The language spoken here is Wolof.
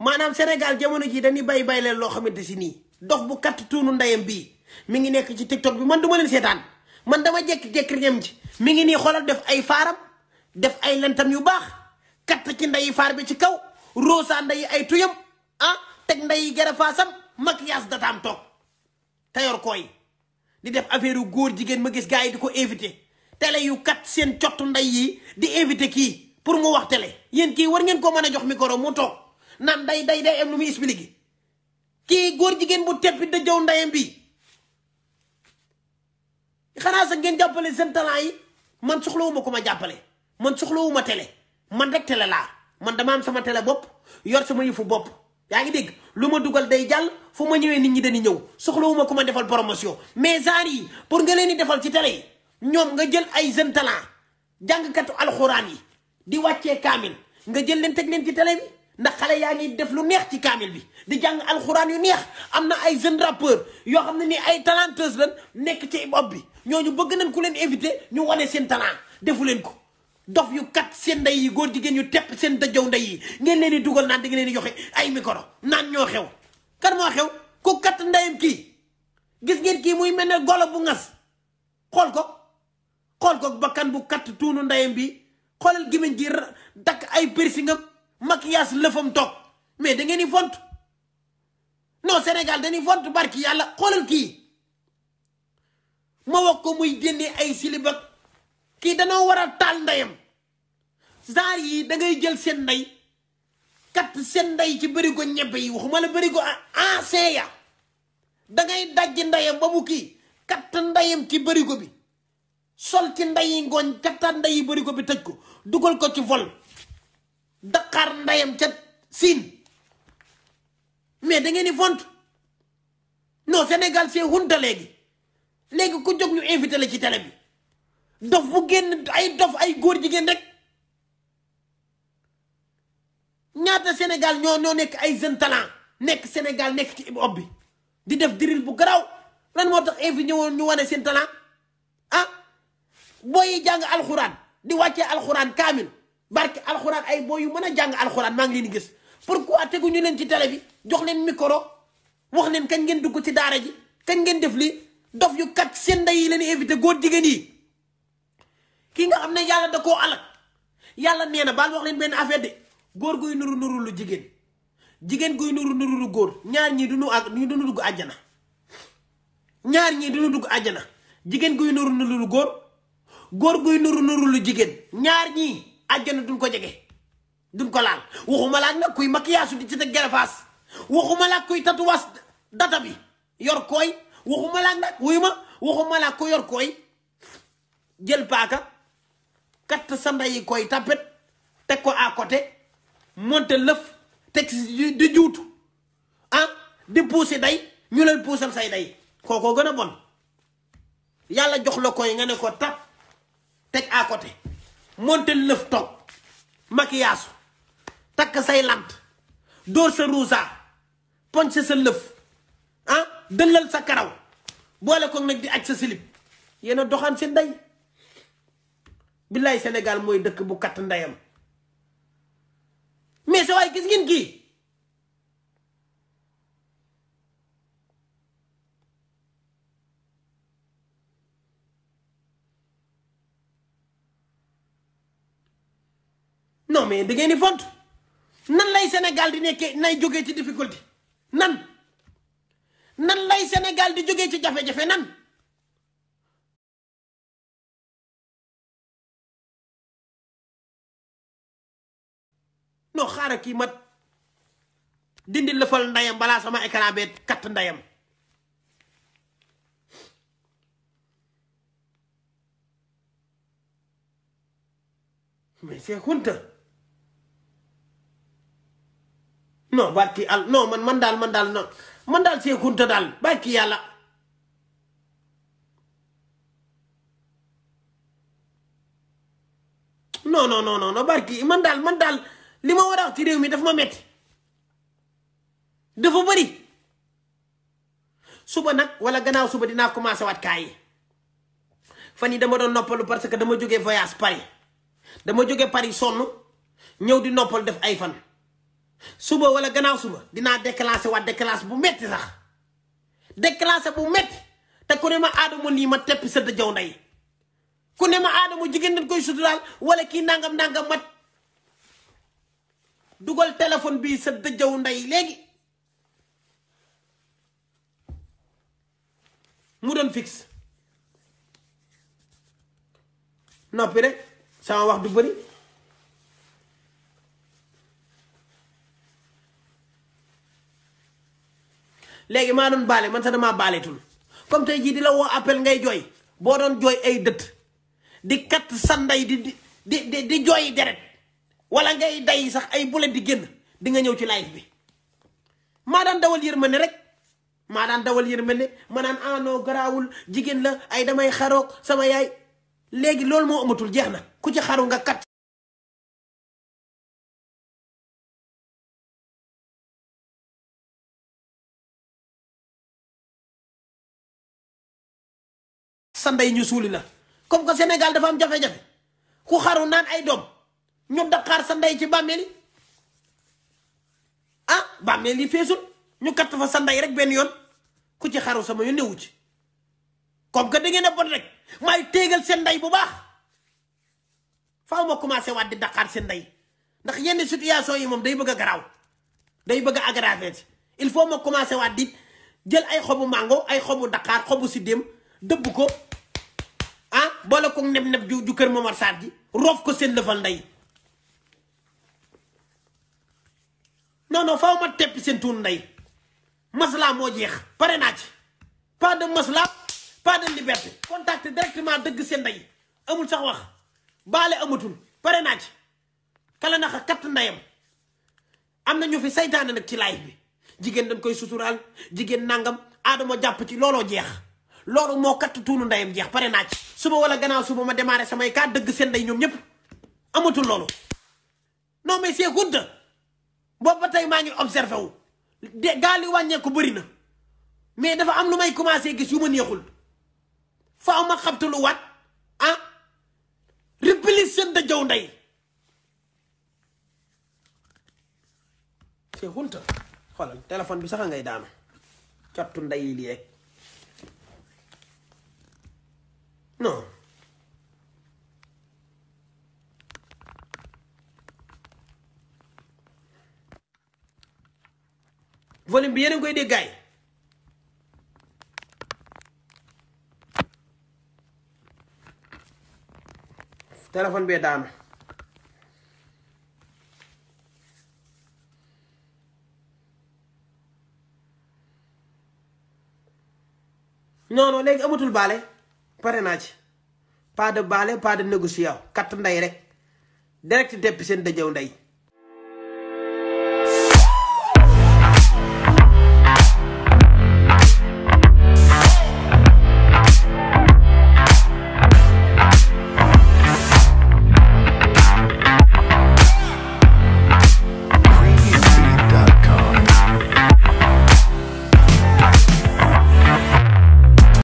maanaam Sénégal jamono jii dañuy bay bay leen loo xamante si nii dox bu katt tuunu ndeyam bii mi ngi nekk ci TikTok bi man du ma leen seetaan man dama jékki-jékki ñem ji mi ngi nii xoolal def ay faaram def ay lentam yu baax kat ci ndeyi faar bi ci kaw rosa ndeyi ay tuyam ah teg ndeyi garafaasam maquillage dataam toog tayor koy di def affaire yu góor jigéen ma gis gars yi di ko invité tele yu kat seen cottu ndey yi di invité kii pour mu wax télé yéen kii war ngeen ko mën a jox micro mu toog naan day day day am lu muy expliqué kii góor jigéen bu teppi da jëw ndayam bi xanaa sax ngeen jàppale seen talent yi man soxlawuma ko ma jàppale man soxlawuma tele man rek tele laa man dama am sama tele bopp yor sama yifu bopp yaa ngi dégg lu ma dugal day jàll fu ma ñëwee nit ñi dañuy ñëw soxlawuma ku ma defal promotion mais genre yi pour nga leen di defal ci télé yi ñoom nga jël ay jeune talent jàngkatu alxuraan yi di wàccee kaamil nga jël leen teg leen ci télé bi ndax xale yaa ngi def lu neex ci kaamil bi di jàng alxuraan yu neex am na ay jeune rappeur yoo xam ne ni ay talenteuse lan nekk ci bopp bi ñoo ñu bëgg nañ ku leen invité ñu wane seen talent defu leen ko dof yu kat seen ndey yi góor jigéen yu tepp seen dajow ndey yi ngeen leen di dugal naan da ngeen leen di joxe ay micro naan ñoo xew kan moo xew ku kat ndeyam kii gis ngeen kii muy mel ne golo bu ngas xool ko xool ko bakkan bu kat tuunu ndeyam bi xoolal gémmiñ gi dakk ay piercingam maquillage lëfam toog mais da ngeen di font non Sénégal dañuy font barki yàlla xoolal kii ma wax ko muy génnee ay silibak kii danoo war a taal ndeyam genre yi dangay jël seen nday kat seen ndey ci bërigo ñebe yi waxuma la bërigo ancien ya da ngay dajji ndeyam ba mu kii kat ndeyam ci bërigo bi sol ci ndeyi ngooñ kat yi bërigo bi tëj ko dugal ko ci vol daqaar ndayam ca siin mais da ngeen di font non Sénégal c'est hunte léegi léegi ku jóg ñu invité la ci télé bi dof bu génn ay dof ay góor jigéen rek ñaata Sénégal ñoo ñoo nekk ay jeune talent nekk Sénégal nekk ci ob bi di def diril bu garaaw lan moo tax invité ñëwoon ñu wane seen talent ah booy jàng alxuraan di wàccee alxuraan kaamil barke alxuraan ay boo yu mën a jàng alxuraan maa ngi leen di gis pourquoi ñu leen ci télé bi jox leen mikoro wax leen kañ ngeen dugg ci daara ji kañ ngeen def lii dof yu kat seen ndey yi leen invité góor jigéen yi kii nga xam ne yàlla da koo alal yàlla nee na baal wax leen benn affaire de góor guy nuru nuru lu jigéen jigéen guy nuru nuru lu góor ñaar ñii du ñu ak ñu du àjjana ñaar ñii du dugg àjjana jigéen guy nuru nuru lu góor góor guy nuru nuru lu jigéen ñaar ñii. àjjana duñ ko jege duñ ko laal waxuma laak nag kuy maquillage di ci teg gerefaas waxuma kuy tatouage data bi yor kooy waxuma laak nag wuyu ma waxuma laak ku yor kooy jël paaka kat sa ndeyi koy tapet teg ko à côté monte lëf teg si di juutu ah di puusi day ñu lay puusal say day kookoo gën a bon yàlla jox la koy nga ne ko tap teg à côté monte lëf toog makiyaasu takk say lant dóor sa ruusa ponce sa lëf ah dëllal sa karaw boole ko nag di aj sa silib yéen a doxaan seen ndey billaay senegal mooy dëkk bu katt ndeyam mais sa waay gis ngeen kii mais da ngeen di font nan lay Sénégal di nekkee nay jógee ci difficulté nan nan lay Sénégal di jóge ci jafe-jafe nan non xaaral kii mat dindi lëfal ndayam balaa sama écran katt ndayam mais c'est honte non barki al man man daal man daal non man daal seekunta daal barki yàlla non non non non barki man daal man daal li ma war a wax ci réew mi dafa ma metti dafa bëri suba nag wala gannaaw suba dinaa commencé waat kaa yi fan yi dama doon noppalu parce que dama jóge voyage Paris dama jóge Paris sonn ñëw di noppal def ay fan suba wala gannaaw suba dinaa déclassé waa déclassé bu metti sax déclassé bu metti te ku ne ma aadama nii ma tepp sa jaw ndey ku ne ma aadama jigéen dañ koy suturaal wala kii nangam nangam mat dugal téléphone bii sa jaw ndey léegi mu doon fixe noppi rek sama wax du bëri léegi maa doon baale man sax damaa baaleetul comme tey jii di la woo appel ngay jooy boo doon jooy ay dëtt di kat sanday di di di di jooy deret wala ngay day sax ay bulet di génn di nga ñëw ci live bi maa daan dawal yërmande rek maa daan dawal yërmande ma naan aanoo ah garaawul jigéen la ay damay xaroog sama yaay léegi loolu moo amatul jeex na ku ci xaru nga kat sa ndey ñu suuli la comme que Sénégal dafa am jafe-jafe ku xaru naan ay doom ñu daqaar sa ndey ci bàmmeel yi ah bàmmeel yi feesul ñu katt fa sa ndey rek benn yoon ku ci xaru sama yu newu ci comme que da ngeen a bon rek maay téegal seen ndey bu baax faaw ma commencé waat di daqaar seen ndey ndax yenn situation yi moom day bëgg a garaaw day bëgg a si il faut ma commencé waat di jël ay xobu mango ay xobu daqaar xobu siddéem dëbb ko ah boole ko neb neb ju kër Momar Sarr ji roof ko seen lëfal ndey non non faaw ma teppi seen tuun ndey masla moo jeex pare naa ci pas de masla pas de liberté contacter directement dëgg seen ndey amul sax wax baale amatul pare naa ci kala naxa katt ndeyam am na ñu fi saytaane nag ci live bi jigéen dañ koy suturaal jigéen nangam aadama jàpp ci looloo jeex loolu moo katt tuunu ndeyam jeex pare naa ci suba wala gannaaw suba ma démarré samay kaa dëgg seen ndey ñoom ñëpp amatul loolu non mais c'est good boobu ba tey maa ngi observé wu de gaal yi wàññeeku bari na mais dafa am lu may commencé gis yu ma neexul faaw ma xabtalu waat ah riplis seen da ndey c'est hunta xoolal téléphone bi sax ngay daanu cattu ndey li volume bi yéen koy dégg gaay téléphone bee daanu non léegi amatul baale pare naa ci paada de baale pas de négociation katt ndey rek direct depp seen dëjëw ndey